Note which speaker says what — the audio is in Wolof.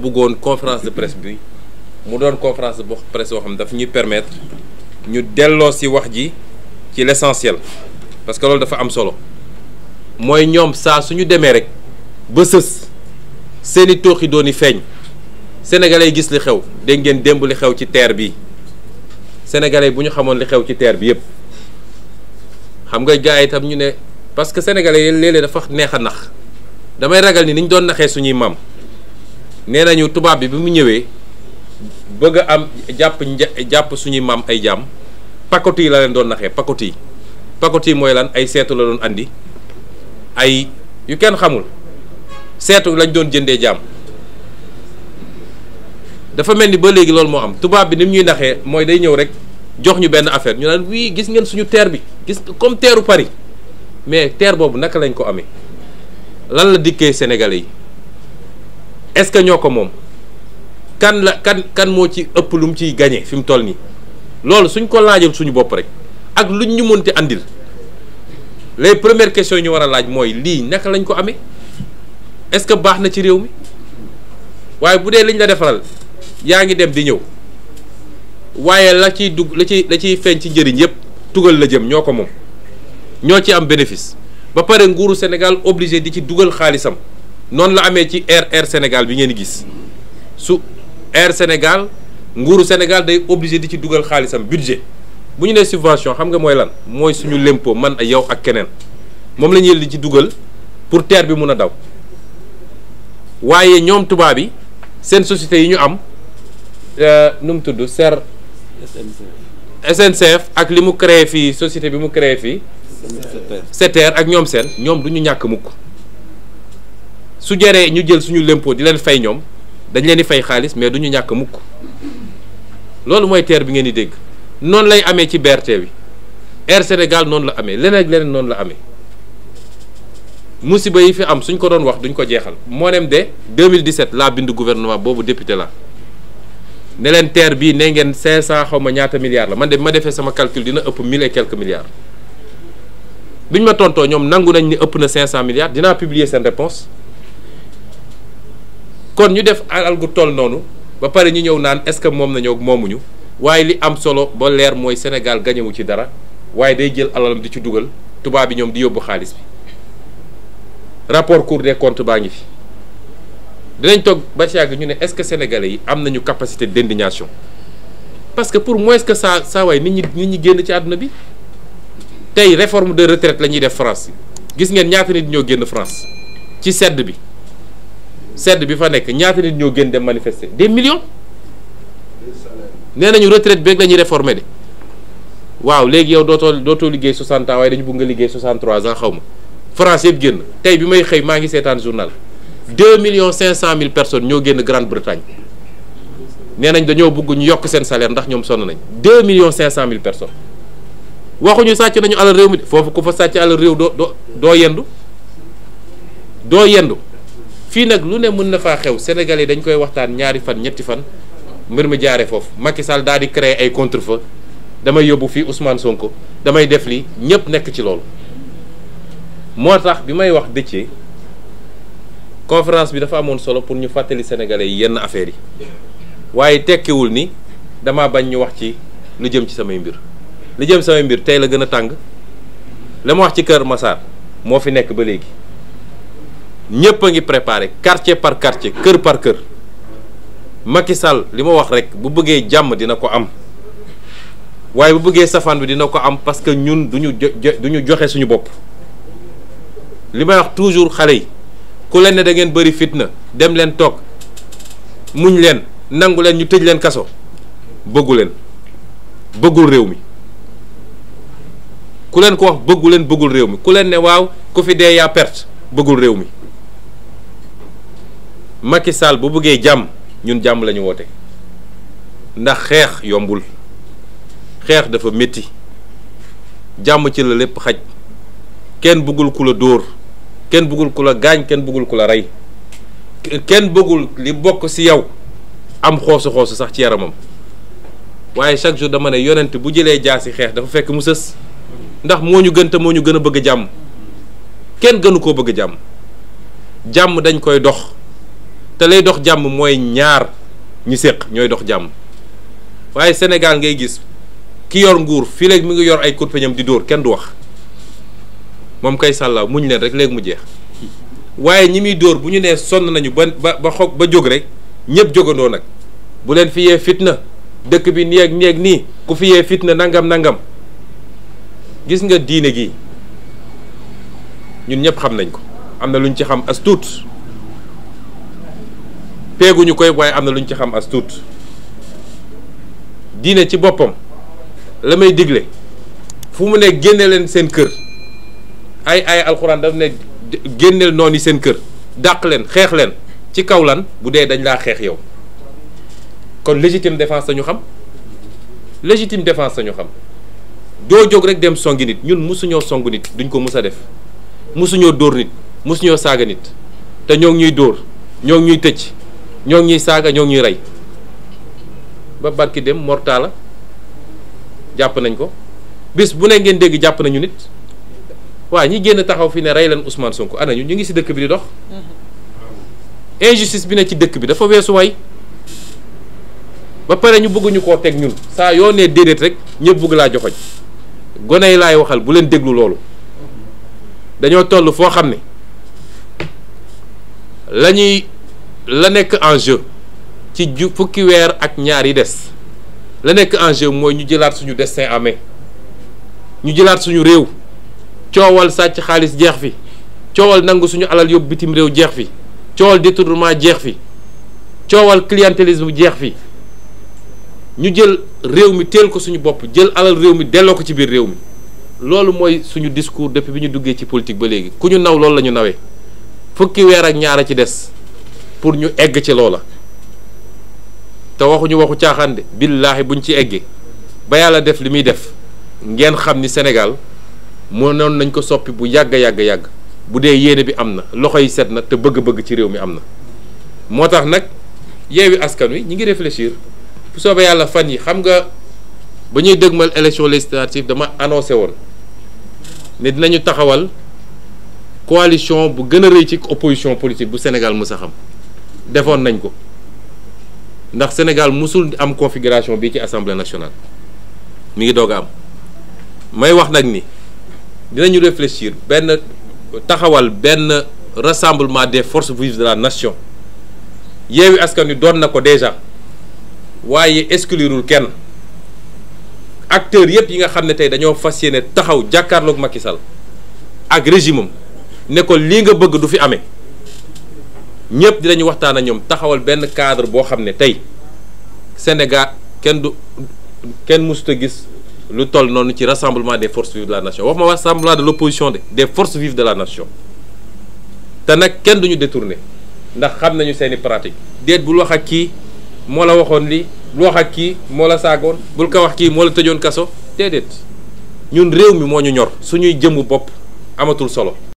Speaker 1: bëggoon conférence de presse bi mu doon conférence de presse boo xam ne daf ñuy permettre ñu delloo si wax ji ci l'essentiel parce que loolu dafa am solo mooy ñoom saa suñu demee rek ba sës seeni tooxi dooni feeñ sénégalais yi gis li xew dégg ngeen démb li xew ci terre bi sénégalais bu ñu xamoon li xew ci teer bi yépp xam nga gars yi itam ñu ne parce que sénégalais yi léeg dafa neex a nax damay ragal ni niñ doon naxee suñuy maam nee nañu tubaab bi bi mu ñëwee bëgg am jàpp jàpp suñuy maam ay jaam pakoti yi la leen doon naxee pakoti yi pakoti yi mooy lan ay seetu la doon andi ay yu kenn xamul seetu lañ doon jëndee jaam dafa mel ni ba léegi loolu moo am tubaab bi ni mu ñuy naxee mooy day ñëw rek jox ñu benn affaire ñu naan wii gis ngeen suñu teer bi gis comme teeru pari mais teer boobu naka lañ ko amee lan la dikkee Sénégalais yi. est-ce que ñoo ko moom kan la kan kan moo ci ëpp lu mu ciy gagné fi mu toll nii loolu suñ ko laajal suñu bopp rek ak luñ ñu mënti àndil les première question yi ñu war a laaj mooy lii naka lañ ko amee est-ce que baax na ci réew mi waaye bu dee liñ la defaral yaa ngi dem di ñëw waaye la ciy dugg la ciy la ciy feeñ ci njëriñ yépp tugal la jëm ñoo ko moom ñoo ci am bénéfice ba pare nguuru Sénégal obligé di ci dugal xaalisam. noonu la amee ci air air Sénégal bi ngeen gis su air Sénégal nguuru Sénégal day obligé di ci dugal xaalisam budget bu ñu nee subvention xam nga mooy lan mooy suñu lémpo man a yow ak keneen moom la ñuy li ci dugal pour TER bi mun a daw waaye ñoom tubaab yi seen société yi ñu am euh, nu mu tudd ser SNCF ak li mu créé fii société bi mu créé fii SETER ak ñoom seen ñoom du ñu ñàkk mukk su jëree ñu jël suñu lémpo di leen fay ñoom dañ leen di fay xaalis mais duñu ñàkk mukk loolu mooy TER bi ngeen di dégg noonu lay amee ci berte bi Air Sénégal noonu la amee leneen ak leneen noonu la amee musiba yi fi am suñ ko doon wax duñ ko jeexal moo nem de 2017 laa bind gouvernement boobu député la ne leen TER bi ne ngeen 500 xaw ma ñaata milliards la man de ma defee sama calcul dina ëpp 1000 et quelques milliards biñ ma tontoo ñoom nangu nañ ni ëpp na 500 milliards dinaa publier seen réponse kon ñu def alal gu toll noonu ba pare ñu ñëw naan est-ce que moom nañoo moomuñu waaye li am solo ba leer mooy Sénégal gañewu ci dara waaye day jël alalam di ci dugal tubaab bi ñoom di yóbbu xaalis bi rapport Cour des comptes baa ngi fi dinañ toog ba ci àgg ñu ne est-ce que sénégalais yi am nañu capacité d'indignation parce que pour moins que ça saa nit ñi nit ñi génn ci àdduna bi tey reforme de retraite la ñuy def France gis ngeen ñaata nit ñoo génn France ci sedd bi. sedd bi fa nekk ñaata nit ñoo génn dem manifester de millions nee nañu retraite beeg la ñuy réformer de waaw léegi yow dootoo dootoo liggéey 60 ans waaye dañu bëgg nga liggéey 63 ans xaw ma France yëpp génn tey bi may xëy maa ngi seetaan journal million cinq 500 mille personne ñoo génn Grande-Bretagne nee nañ dañoo bëgg ñu yokk seen salaire ndax ñoom sonn nañ 2 cinq 500 mille personnes waxuñu sàcc nañu alal réew mi foofu ku fa sàcc alal doo doo doo yendu doo yendu. fii nag lu ne mën na faa xew yi dañ koy waxtaan ñaari fan ñetti fan mbir mi jaaree foofu Macky Sall daal di créer ay contre-feux damay yóbbu fii Ousmane Sonko damay def lii ñëpp nekk ci loolu moo tax bi may wax dëccee conférence bi dafa amoon solo pour ñu fàttali sénégalais yi yenn affaires yi waaye tekkiwul ni damaa bañ ñu wax ci lu jëm ci samay mbir lu jëm samay mbir tey la gën a tàng la ma wax ci Kër Massar moo fi nekk ba léegi. ñëpp a ngi préparé quartier par quartier kër par kër makisal li ma wax rek bu bëggee jàmm dina ko am waaye bu bëggee safaan bi dina ko am parce que ñun duñu duñu joxe suñu bopp li may wax toujours xale yi ku leen ne da ngeen bëri fitna dem leen toog muñ leen nangu leen ñu tëj leen kaso bëggu leen bëggul réew mi ku leen ko wax bëggu leen bëggul réew mi ku leen ne waaw ku fi dee yaa perte bëggul réew mi Macky Sall bu bëggee jàmm ñun jàmm lañu ñu woote ndax xeex yombul xeex dafa metti jàmm ci la lépp xaj kenn bëggul ku la dóor kenn bëggul ku la gaañ kenn bëggul ku la rey kenn bëggul li bokk ci yow am xoosu xoosu sax ci yaramam waaye chaque jour dama ne yonent bu jëlee jaasi xeex dafa fekk mu sës ndax moo ñu gën te moo ñu gën a bëgg jàmm kenn gënu koo bëgg jàmm jàmm dañ koy dox te lay dox jàmm mooy ñaar ñu séq ñooy dox jàmm waaye Sénégal ngay gis ki yor nguur fii léegi mi ngi yor ay kurpeñam di dóor kenn du wax moom kay sàllaaw muñ leen rek léegi mu jeex waaye ñi muy dóor bu ñu nee sonn nañu ba ba ba ba jóg rek ñépp jógandoo nag bu leen fi fitna dëkk bi nii ak nii ak nii ku fi fitna nangam nangam gis nga diine gi ñun ñëpp xam nañ ko am na lu ñu ci xam as peeguñu koy waaye am na lu ñu ci xam as tuut diine ci boppam la may digle fu mu ne génne leen seen kër ay ay alxuraan daf ne génneel noonu seen kër dàq leen xeex leen ci kaw lan bu dee dañ laa xeex yow kon légitime défense sañu xam légitime défense sañu xam doo jóg rek dem songi nit ñun mosuñoo song nit duñ ko mus a def mosuñoo dóor nit mosuñoo saaga nit te ñoo ñuy dóor ñoo ngi ñuy tëj ñoo ngi ñuy saaga ñoo ngi ñuy rey ba barki dem mortala jàpp nañ ko bis bu ne ngeen dégg jàpp nañu nit waa ñi génn taxaw fii ne rey leen Ousmane Sonko ana ñu ñu ngi si dëkk bi di dox mm-hmm. injustice bi ne ci dëkk bi dafa weesu way ba pare ñu bëgg ñu koo teg ñun saa yoo ne déedéet rek ñëpp bëgg laa joxoñ gone yi laay waxal bu leen déglu loolu dañoo toll foo xam ne lañuy la nekk en jeu ci ju fukki weer ak ñaar yi des la nekk en jeu mooy ñu jëlaat suñu des en main ñu jëlaat suñu réew coowal sàcc xaalis jeex fi coowal nangu suñu alal yóbbu bitim réew jeex fi coowal détournement jeex fi coowal clientélisme jeex fi ñu jël réew mi teel ko suñu bopp jël alal réew mi delloo ko ci biir réew mi loolu mooy suñu discours depuis bi ñu duggee ci politique ba léegi ku ñu naw loolu la ñu nawee fukki weer ak ñaar a ci des pour ñu egg ci loola te waxuñu waxu caaxaan de billaahi buñ ci eggee ba yàlla def li muy def ngeen xam ni Sénégal mënoon nañ ko soppi bu yàgg yàgg yàgg bu dee yéene bi am na loxo yi set na te bëgg-bëgg ci réew mi am na moo tax nag yeewi askan wi ñi ngi réfléchir bu soobee yàlla fan yi xam nga ba ñuy dëgmal élection législative dama annoncé woon ne dinañu taxawal coalition bu gën a rëy ci opposition politique bu Sénégal mës a xam defoon nañ ko ndax Sénégal musul am configuration bi ci assemblée nationale mi ngi doog am may wax nag ni dinañu réfléchir benn taxawal benn rassemblement des forces vives de la nation yeewi askan wi doon na ko déjà waaye exclurul kenn acteurs yëpp yi nga xam ne tey dañoo fas yéene taxaw jàkkaarlook Macky Sall ak régime am ne ko lii nga bëgg du fi amee. ñëpp dinañu waxtaan ak ñoom taxawal benn cadre boo xam ne tey Sénégal kenn du kenn musuta gis lu toll noonu ci rassemblement des forces vives de la nation wax ma rassemblement de l'opposition de des forces de la nation te nag kenn duñu détourné ndax xam nañu seeni pratique déet bul wax ak kii moo la waxoon lii bul wax ak kii moo la saagoon bul ko wax kii moo la tëjoon kaso déedéet ñun réew mi moo ñu ñor suñuy jëmu bopp amatul solo